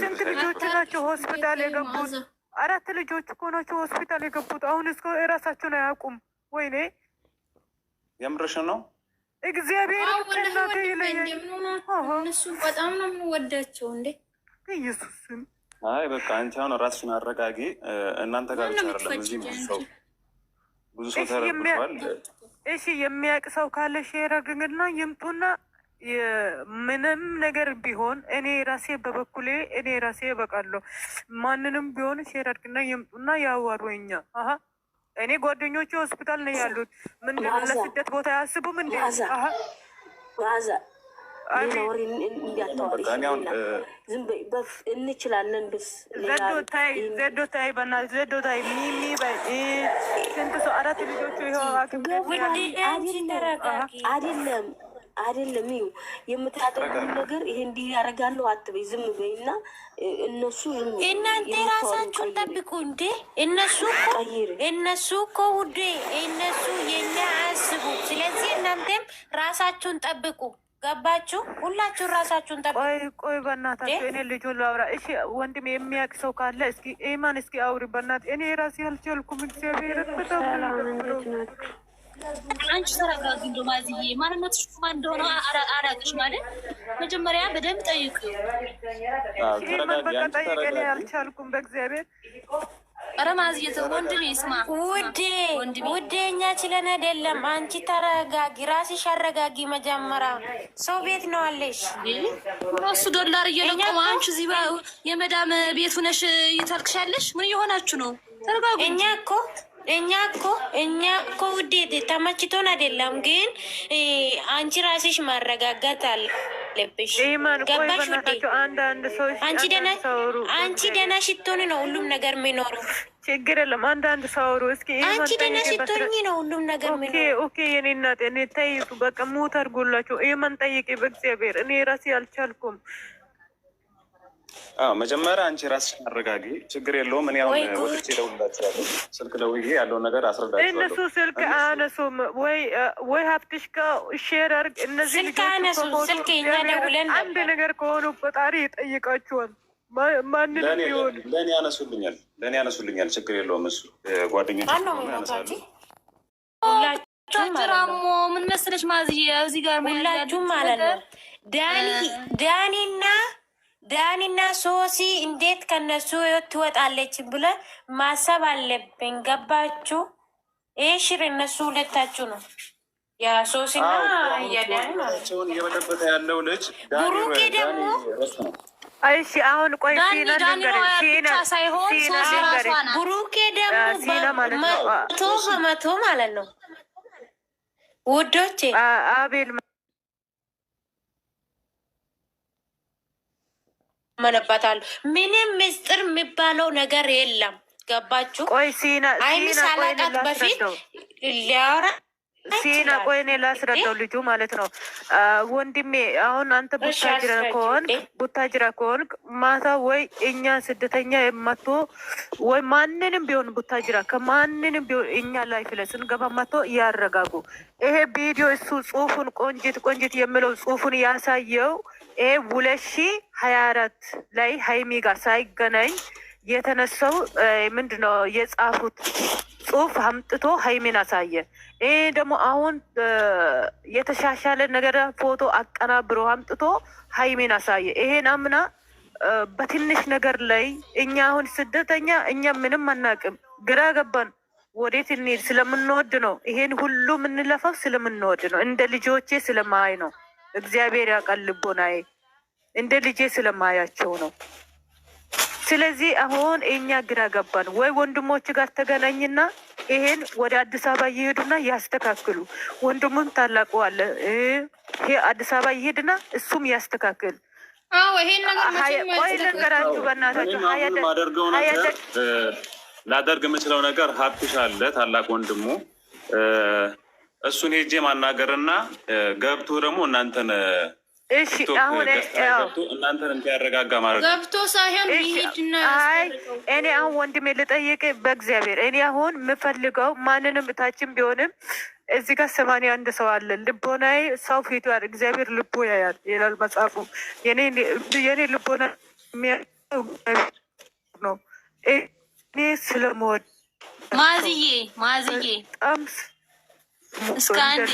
ስንት ልጆች ናቸው ሆስፒታል የገቡት? አራት ልጆች እኮ ናቸው ሆስፒታል የገቡት። አሁን እስከ የራሳቸውን አያውቁም። ወይኔ የምርሽ ነው። እግዚአብሔር ቅናት ይለያል። እነሱን በጣም ነው የምንወዳቸው። እንዴ ኢየሱስም አይ በቃ አንቺ አሁን ራስሽን አረጋጊ። እናንተ ጋር ብቻ አይደለም እዚህ ሰው ብዙ ሰው ተረግቷል። እሺ የሚያውቅ ሰው ካለ ሼር አድርግና ይምጡና ምንም ነገር ቢሆን እኔ ራሴ በበኩሌ እኔ ራሴ እበቃለሁ። ማንንም ቢሆን ሼር አድርግና የምጡና ያዋሩኛ አሀ እኔ ጓደኞቹ ሆስፒታል ነው ያሉት። ምን ለስደት ቦታ አያስቡም እንዴ? እንችላለን ብስ ዘዶ ታይ በና ዘዶ ታይ አይደለም አይደለም ይሁ የምታጠቁም ነገር ይሄ እንዲህ ያደርጋለሁ አትበይ፣ ዝም በይ እና እነሱ እናንተ ራሳችሁን ጠብቁ። እንዴ እነሱ እነሱ እኮ ውዴ እነሱ የኛ አስቡ። ስለዚህ እናንተም ራሳችሁን ጠብቁ። ገባችሁ? ሁላችሁን ራሳችሁን ጠብቁ። ቆይ ቆይ፣ በእናታችሁ እኔ ልጁ ላብራ። እሺ ወንድም የሚያውቅ ሰው ካለ እስኪ ኢማን እስኪ አውሪ። በእናት እኔ ራሴ አልቻልኩም። እግዚአብሔር በጣም አንቺ ተረጋጊ። እንደው ማዝዬ ማንነትሽ ማን እንደሆነ አላቅሽ ማለት መጀመሪያ በደንብ ጠይቅ። ጠይቀን አልቻልኩም በእግዚአብሔር ኧረ ማዝዬ ተው ወንድሜ፣ ስማ ውዴ፣ ውዴ እኛ ችለን አይደለም። አንቺ ተረጋጊ፣ ራስሽ አረጋጊ። መጀመሪያ ሰው ቤት ነው አለሽ እሱ ዶላር እየለቀመ አንቺ እዚህ የመዳም ቤት ሁነሽ እየተልክሻለሽ። ምን እየሆናችሁ ነው? ተረጋጉ። እኛ እኮ እኛ እኮ እኛ እኮ ውዴት ተመችቶን አይደለም፣ ግን አንቺ ራስሽ ማረጋጋት አለብሽ። ገባሽ ውዴ? አንቺ ደህና ሽቶን ነው ሁሉም ነገር የሚኖሩ ችግር የለም። አንዳንድ ሰው እስኪ። አንቺ ደህና ሽቶኝ ነው ሁሉም ነገር ምን ኦኬ። የኔ እናት እኔ ተይቱ በቃ ሙት አድርጎላቸው ማን ጠይቂ በእግዚአብሔር እኔ ራሴ አልቻልኩም። መጀመሪያ አንቺ ራስሽ አረጋጊ፣ ችግር የለውም። እኔ አሁን ወጥቼ እደውልላቸዋለሁ፣ ስልክ ደውዬ ያለውን ነገር አስረዳቸዋለሁ። እነሱ ስልክ አያነሱም ወይ ወይ ሀብትሽ ጋር አድርግ። እነዚህ ስልክ አንድ ነገር ከሆኑ ፈጣሪ ይጠይቃችኋል። ማንን ቢሆን ለእኔ ያነሱልኛል፣ ለእኔ ያነሱልኛል። ችግር የለውም። እሱ ጓደኞች ያነሳሉ። ራሞ ምን መሰለሽ ማዝዬ፣ እዚህ ጋር ሁላችሁም ማለት ነው ዳኒ ዳኒና ዳኒና ሶሲ እንዴት ከነሱ ትወጣለች ብለ ማሰብ አለብን። ገባችሁ? ሽር እነሱ ሁለታችሁ ነው ብሩኬ ደግሞ መቶ በመቶ ማለት ነው ውዶቼ አቤል መለበታል። ምንም ምስጢር የሚባለው ነገር የለም። ገባችሁ? አይሚ ሳላቃት በፊት ሊያወራ ሲና ቆይኔ ላስረዳው። ልጁ ማለት ነው ወንድሜ፣ አሁን አንተ ቡታጅራ ከሆንክ ቡታጅራ ከሆንክ ማታ ወይ እኛ ስደተኛ መቶ ወይ ማንንም ቢሆን ቡታጅራ ከማንንም ቢሆን እኛ ላይ ፍለስን ገባ መቶ እያረጋጉ ይሄ ቪዲዮ እሱ ጽሁፉን ቆንጅት ቆንጅት የምለው ጽሁፉን ያሳየው ይሄ ውለሺ ሀያ አራት ላይ ሀይሚ ጋር ሳይገናኝ የተነሳው ምንድነው የጻፉት ጽሁፍ አምጥቶ ሀይሚን አሳየ። ይህ ደግሞ አሁን የተሻሻለ ነገር ፎቶ አቀናብሮ አምጥቶ ሀይሚን አሳየ። ይሄን አምና በትንሽ ነገር ላይ እኛ አሁን ስደተኛ እኛ ምንም አናቅም፣ ግራ ገባን። ወዴት እንሂድ? ስለምንወድ ነው። ይሄን ሁሉ የምንለፈው ስለምንወድ ነው። እንደ ልጆቼ ስለማይ ነው። እግዚአብሔር ያውቃል ልቦናዬ። እንደ ልጄ ስለማያቸው ነው። ስለዚህ አሁን እኛ ግራ ገባን። ወይ ወንድሞች ጋር ተገናኝና ይሄን ወደ አዲስ አበባ ይሄዱና ያስተካክሉ። ወንድሙም ታላቁ አለ ይሄ አዲስ አበባ ይሄድና እሱም ያስተካክል። ይሄን ነገራችሁ በእናታችሁ ላደርግ የምችለው ነገር ሀብትሽ አለ ታላቅ ወንድሙ እሱን ሄጄ ማናገርና ገብቶ ደግሞ እናንተን እሺ አሁን እናንተን እንዲያረጋጋ ማለት ገብቶ ሳይሆን ይሄድና እኔ አሁን ወንድሜ ልጠይቅ በእግዚአብሔር እኔ አሁን የምፈልገው ማንንም እታችን ቢሆንም እዚህ ጋር ሰማንያ አንድ ሰው አለ። ልቦናዬ ሰው ፊቱ ያል እግዚአብሔር ልቦ ያያል ይላል መጽሐፉ። የኔ ልቦና ነው እኔ ስለመወድ ማዝዬ ማዝዬ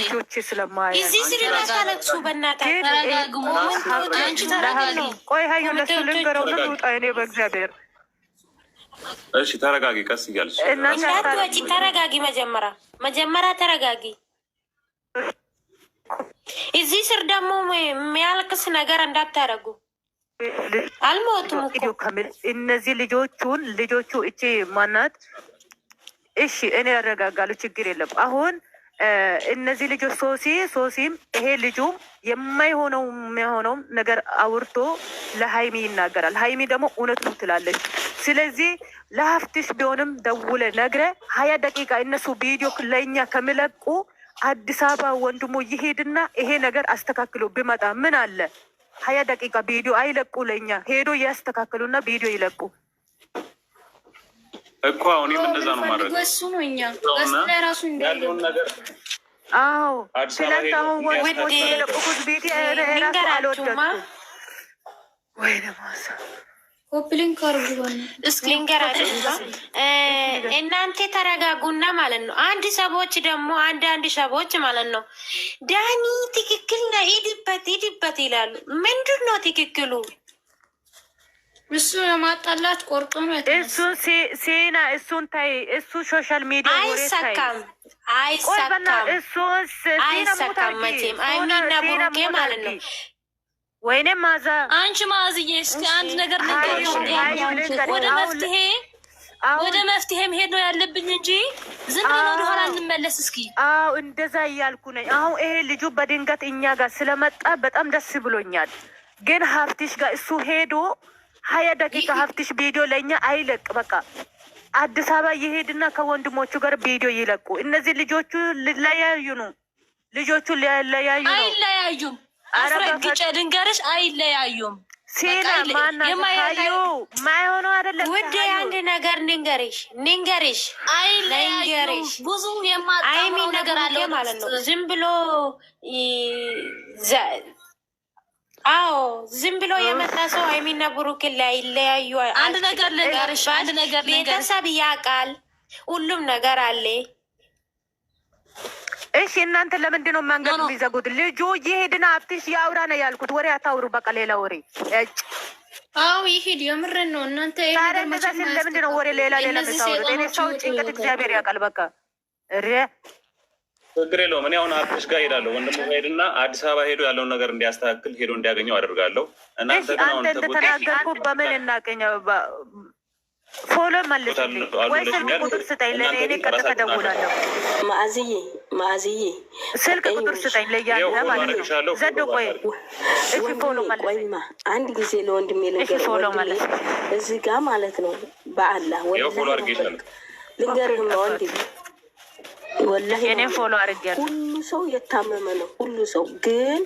ልጆቼ ስለማያ ሀዩ ለሱ ልንገረው ልውጣ እኔ በእግዚአብሔር እሺ ተረጋጊ፣ ቀስ ተረጋጊ፣ መጀመሪያ መጀመሪያ ተረጋጊ። እዚህ ስር ደግሞ የሚያልቅስ ነገር እንዳታረጉ። አልሞቱም እኮ እነዚህ ልጆቹን ልጆቹ እቺ ማናት? እሺ እኔ ያረጋጋሉ፣ ችግር የለም አሁን እነዚህ ልጆች ሶሲ ሶሲም ይሄ ልጁ የማይሆነው የሚሆነው ነገር አውርቶ ለሀይሚ ይናገራል። ሀይሚ ደግሞ እውነት ነው ትላለች። ስለዚህ ለሀፍትሽ ቢሆንም ደውለ ነግረ ሀያ ደቂቃ እነሱ ቪዲዮ ለእኛ ከሚለቁ አዲስ አበባ ወንድሙ ይሄድና ይሄ ነገር አስተካክሎ ቢመጣ ምን አለ? ሀያ ደቂቃ ቪዲዮ አይለቁ ለእኛ ሄዶ ያስተካክሉና ቪዲዮ ይለቁ። እኮ አሁን እንደዛ ነው ማድረግ እሱ ነው እኛ ራሱ ያለውን ነገር አዎ ወይ እናንተ ተረጋጉና ማለት ነው። አንድ ሰዎች ደግሞ አንዳንድ ሰዎች ማለት ነው ዳኒ ትክክል ና ሂድበት ሂድበት ይላሉ። ምንድን ነው ትክክሉ? እሱ የማጣላት ቆርጦ ነው። እሱ ሴና እሱን ታይ እሱ ሶሻል ሚዲያ አይሳካም፣ አይሳካም፣ አይሳካም መቼም አይሚና ብሩኬ ማለት ነው። ወይኔ ማዛ አንቺ ማዝዬ እስኪ አንድ ነገር ነገር ወደ መፍትሄ ወደ መፍትሄ መሄድ ነው ያለብኝ እንጂ ዝም ብሎ ወደኋላ እንመለስ። እስኪ አዎ እንደዛ እያልኩ ነኝ። አሁን ይሄ ልጁ በድንገት እኛ ጋር ስለመጣ በጣም ደስ ብሎኛል። ግን ሀብትሽ ጋር እሱ ሄዶ ሀያ ደቂቃ ሀፍትሽ ቪዲዮ ለእኛ አይለቅ። በቃ አዲስ አበባ የሄድና ከወንድሞቹ ጋር ቪዲዮ ይለቁ። እነዚህ ልጆቹ ሊለያዩ ነው። ልጆቹ ሊለያዩ ነው። አይለያዩም። አስረግጬ ድንገርሽ አይለያዩም። ሴና ማይሆነው አይደለም። ውድ የአንድ ነገር ንንገሪሽ ንንገሪሽ አይለያዩም። ብዙ የማጣ ነገር አለ ማለት ነው ዝም ብሎ አዎ ዝም ብሎ የመጣ ሰው ሀይሚና ብሩክን ላይ ለያዩ። አንድ ነገር ልንገርሽ፣ አንድ ነገር ቤተሰብ ያውቃል፣ ሁሉም ነገር አለ። እሺ እናንተ ለምንድን ነው መንገድ የሚዘጉት? ልጁ ይሄድና አብትሽ የአውራ ነው ያልኩት። ወሬ አታውሩ፣ በቃ ሌላ ወሬ። አዎ ይሄድ፣ የምርን ነው እናንተ። ለምንድን ነው ወሬ ሌላ ሌላ የምታወሩት? ሰው ጭንቀት እግዚአብሔር ያውቃል። በቃ ሬ ችግር የለውም። እኔ አሁን አብሽ ጋር ሄዳለሁ። ወንድሙ ሄድና አዲስ አበባ ሄዶ ያለውን ነገር እንዲያስተካክል ሄዶ እንዲያገኘው አደርጋለሁ። እናንተ እንደተናገርኩ በምን እናገኘው? ፎሎ መልስልኝ ወይ ስልክ ቁጥር ስጠኝ። ለእኔ እኔ ቀጥታ ደውላለሁ። ማዕዝዬ ማዕዝዬ ስልክ ቁጥር ስጠኝ ለያለ ማለት ነው። ዘዶ ቆይ እሺ፣ ፎሎ መልስልኝ። አንድ ጊዜ ለወንድሜ ነገር ፎሎ መልስ እዚህ ጋር ማለት ነው። በአላህ ወይ ፎሎ አድርጌሻለሁ። ልንገርህማ ወንድሜ ወላሂ ፎሎ አድርጌያለሁ። ሁሉ ሰው የታመመ ነው። ሁሉ ሰው ግን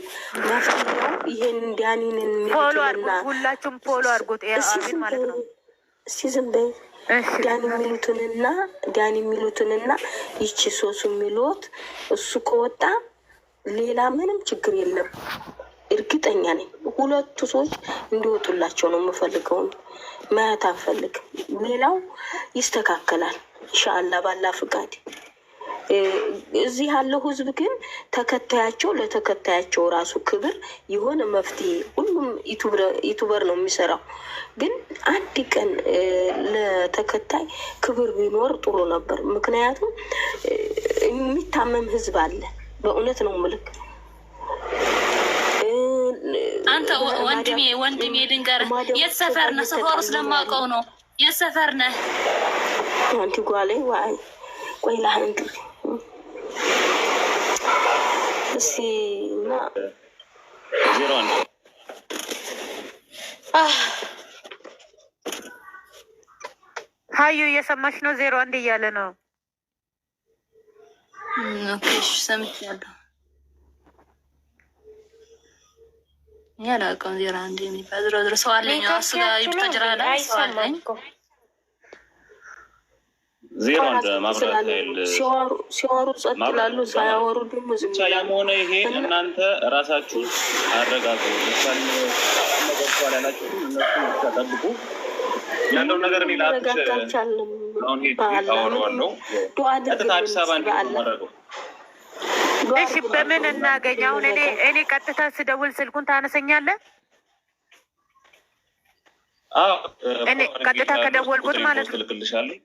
መፍትሄው ይሄን እንዲያኒን ፎሎ አድርጉት። ሁላችሁም ፎሎ አድርጉት ማለት ነው። እስቲ ዝም በይ ዳኒ የሚሉትንና ዳኒ የሚሉትንና ይቺ ሶሱ የሚሉት እሱ ከወጣ ሌላ ምንም ችግር የለም። እርግጠኛ ነኝ ሁለቱ ሰዎች እንዲወጡላቸው ነው የምፈልገውን ማየት አልፈልግም። ሌላው ይስተካከላል ኢንሻአላህ ባላ ፍቃድ እዚህ ያለው ህዝብ ግን ተከታያቸው ለተከታያቸው ራሱ ክብር የሆነ መፍትሄ ሁሉም ዩቱበር ነው የሚሰራው። ግን አንድ ቀን ለተከታይ ክብር ቢኖር ጥሩ ነበር። ምክንያቱም የሚታመም ህዝብ አለ። በእውነት ነው ምልክ አንተ ወንድሜ ወንድሜ ድንገር የት ሰፈር ነህ? ሰፈሩ ስለማውቀው ነው። የት ሰፈር ነህ? አንቲ ጓሌ ዋይ ቆይ እስኪ እና ሀዩ እየሰማች ነው። ዜሮ አንድ እያለ ነው። ሰምቻለሁ። እኔ አላውቀውም ዜሮ አንድ የሚባል። ዞሮ ዞሮ ሰው አለኝ ስጋ ይብተጅራላ ሰው አለኝ ዜሮ እንደ ማብራት ጸጥ ይላሉ፣ ሳያወሩ ደግሞ ዝም ብቻ ይሄ እናንተ ራሳችሁ አረጋጉ። ያለው ነገር አዲስ አበባ እሺ፣ በምን እናገኝ? አሁን እኔ እኔ ቀጥታ ስደውል ስልኩን ታነሰኛለህ? እኔ ቀጥታ ከደወልኩት ማለት ነው።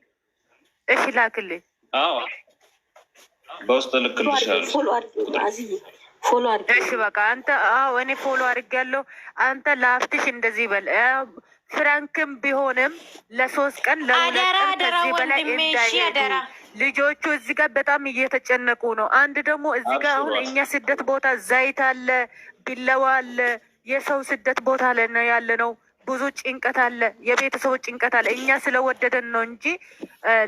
እሺ ላክልኝ። አዎ በውስጥ ልክልሻለሁ። ፎሎ እሺ በቃ አንተ አዎ፣ እኔ ፎሎ አድርጌያለሁ። አንተ ለአፍትሽ እንደዚህ በል። ፍራንክም ቢሆንም ለሶስት ቀን ለሁለት ቀን ከዚህ በላይ እንዳይሄዱ ልጆቹ እዚህ ጋር በጣም እየተጨነቁ ነው። አንድ ደግሞ እዚህ ጋር አሁን እኛ ስደት ቦታ ዘይት አለ፣ ቢለዋ አለ፣ የሰው ስደት ቦታ ያለ ነው ብዙ ጭንቀት አለ፣ የቤተሰቡ ጭንቀት አለ። እኛ ስለወደደን ነው እንጂ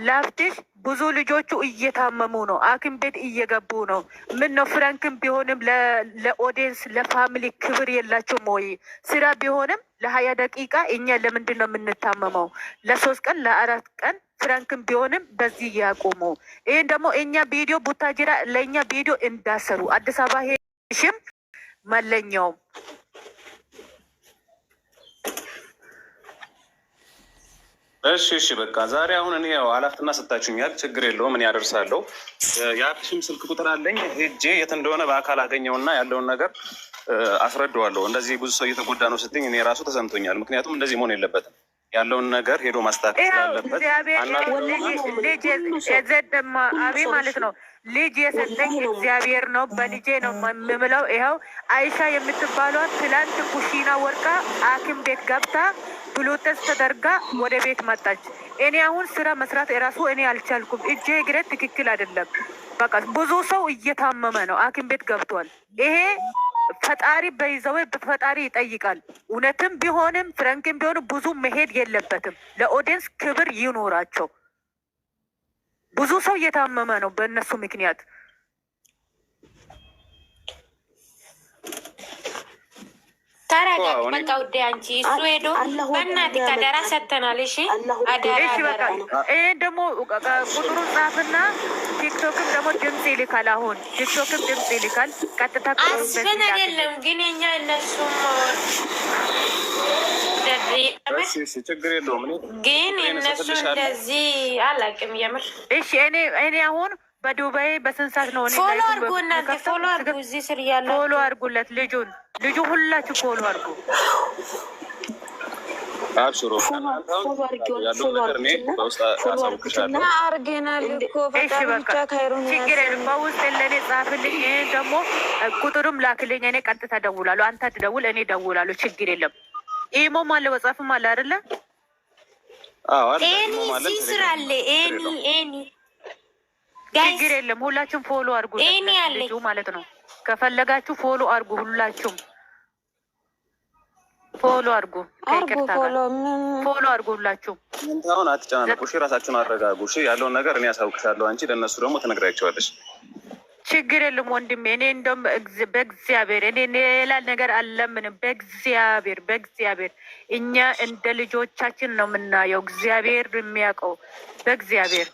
ላፍትሽ ብዙ ልጆቹ እየታመሙ ነው፣ ሐኪም ቤት እየገቡ ነው። ምን ነው ፍራንክም ቢሆንም ለኦዲየንስ ለፋሚሊ ክብር የላቸውም ወይ? ስራ ቢሆንም ለሀያ ደቂቃ እኛ ለምንድን ነው የምንታመመው? ለሶስት ቀን ለአራት ቀን ፍራንክም ቢሆንም በዚህ እያቆሙ ይህን ደግሞ እኛ ቪዲዮ ቡታጅራ ለእኛ ቪዲዮ እንዳሰሩ አዲስ አበባ ሄሽም መለኛውም እሺ እሺ በቃ ዛሬ አሁን እኔ ያው አላፍትና ሰጣችሁኛል፣ ችግር የለውም እኔ ያደርሳለሁ። የአብሽም ስልክ ቁጥር አለኝ። ሄጄ የት እንደሆነ በአካል አገኘውና ያለውን ነገር አስረዳዋለሁ። እንደዚህ ብዙ ሰው እየተጎዳ ነው ስትኝ እኔ ራሱ ተሰምቶኛል። ምክንያቱም እንደዚህ መሆን የለበትም። ያለውን ነገር ሄዶ ማስተካከል ስላለበት አቤ ማለት ነው ልጅ የሰጠኝ እግዚአብሔር ነው። በልጄ ነው የምምለው። ይኸው አይሻ የምትባሏት ትላንት ኩሽና ወርቃ ሐኪም ቤት ገብታ ብሉት ቴስት ተደርጋ ወደ ቤት መጣች። እኔ አሁን ስራ መስራት የራሱ እኔ አልቻልኩም። እጄ እግሬ ትክክል አይደለም። በቃ ብዙ ሰው እየታመመ ነው፣ ሐኪም ቤት ገብቷል። ይሄ ፈጣሪ በይዘው በፈጣሪ ይጠይቃል። እውነትም ቢሆንም ፍረንክም ቢሆንም ብዙ መሄድ የለበትም። ለኦዲየንስ ክብር ይኖራቸው። ብዙ ሰው እየታመመ ነው በእነሱ ምክንያት ተረጋጊ። በቃ ውዴ አንቺ እሱ ሄዶ በእናትህ አደራ ሰተናል። እሺ ይሄ ደግሞ ቁጥሩ ጻፍና ቲክቶክም ደግሞ ድምፅ ይልካል። አሁን ቲክቶክም ድምፅ ይልካል። ቀጥታ አስብን አይደለም ግን የኛ እነሱም ችግር የለውም ግን እነሱ እንደዚህ አላውቅም። የምር እሺ እኔ አሁን በዱባይ በስንት ሰዓት ነው ፎሎ አርጉ እናንተ ፎሎ አርጉ እዚህ ስር ያለ ፎሎ አርጉለት ልጁን ልጁ ሁላችሁ ፎሎ አድርጎ አብሽሮ አርጌናል ደግሞ ቁጥሩም ላክልኝ። እኔ ቀጥታ እደውላለሁ። አንተ ትደውል፣ እኔ እደውላለሁ። ችግር የለም። ኢሞም አለ ወጻፍም አለ አይደለ? ችግር የለም። ሁላችሁም ፎሎ አድርጉ ማለት ነው። ከፈለጋችሁ ፎሎ አድርጉ ሁላችሁም ፎሎ አርጉ ፎሎ አድርጉ ሁላችሁ። አሁን አትጨናነቁ፣ እሺ ራሳችሁን አረጋጉ። እሺ ያለውን ነገር እኔ ያሳውቅሻለሁ፣ አንቺ ለእነሱ ደግሞ ትነግሪያቸዋለሽ። ችግር የለም ወንድሜ። እኔ እንደውም በእግዚአብሔር እኔ ሌላ ነገር አለምንም። በእግዚአብሔር በእግዚአብሔር እኛ እንደ ልጆቻችን ነው የምናየው። እግዚአብሔር የሚያውቀው በእግዚአብሔር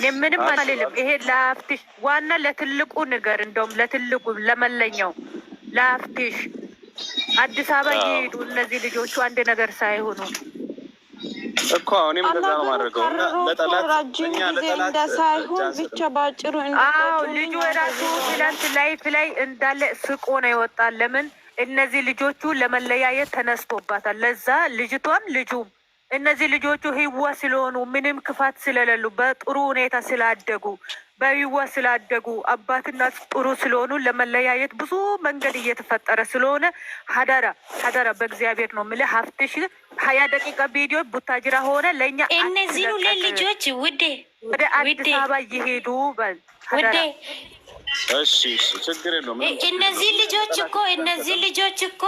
እኔ ምንም አልልም። ይሄ ለሀፍትሽ ዋና ለትልቁ ነገር እንደውም ለትልቁ ለመለኛው ለሀፍትሽ አዲስ አበባ እየሄዱ እነዚህ ልጆቹ አንድ ነገር ሳይሆኑ እኮ እኔም እንደዛ ነው ማድረገው ለጠላት ብቻ ልጁ የራሱ ትላንት ላይፍ ላይ እንዳለ ስቆ ነው ይወጣል። ለምን እነዚህ ልጆቹ ለመለያየት ተነስቶባታል። ለዛ ልጅቷም ልጁም እነዚህ ልጆቹ ህዋ ስለሆኑ ምንም ክፋት ስለሌሉ በጥሩ ሁኔታ ስላደጉ በይዋ ስላደጉ አባትና ጥሩ ስለሆኑ ለመለያየት ብዙ መንገድ እየተፈጠረ ስለሆነ ሀደራ ሀደራ በእግዚአብሔር ነው የምልህ። ሀፍትሽ ሀያ ደቂቃ ቪዲዮ ቡታጅራ ሆነ ለእኛ እነዚህ ሁሌ ልጆች ውዴ ወደ አዲስ አበባ እየሄዱ በል ውዴ እነዚህ ልጆች እኮ እነዚህ ልጆች እኮ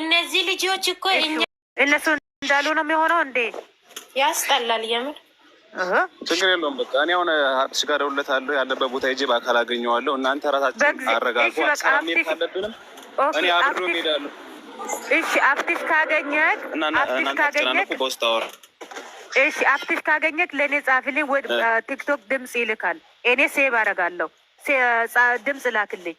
እነዚህ ልጆች እኮ እነሱ እንዳሉ ነው የሚሆነው። እንዴ ያስጠላል የምር ችግር የለውም። በቃ እኔ አሁን አዲስ ጋር እደውልለታለሁ ያለበት ቦታ ሂጅ፣ በአካል አገኘዋለሁ። እናንተ ራሳችን አረጋጉ። አስራሜት ካለብንም እኔ አብሮ ሄዳለሁ። እሺ፣ አክቲቭ ካገኘህ እናንተ ተጨናነቁ፣ በውስጥ አወራ። እሺ፣ አክቲቭ ካገኘህ ለእኔ ጻፍልኝ። ወደ ቲክቶክ ድምፅ ይልካል። እኔ ሴብ አደርጋለሁ። ድምፅ ላክልኝ።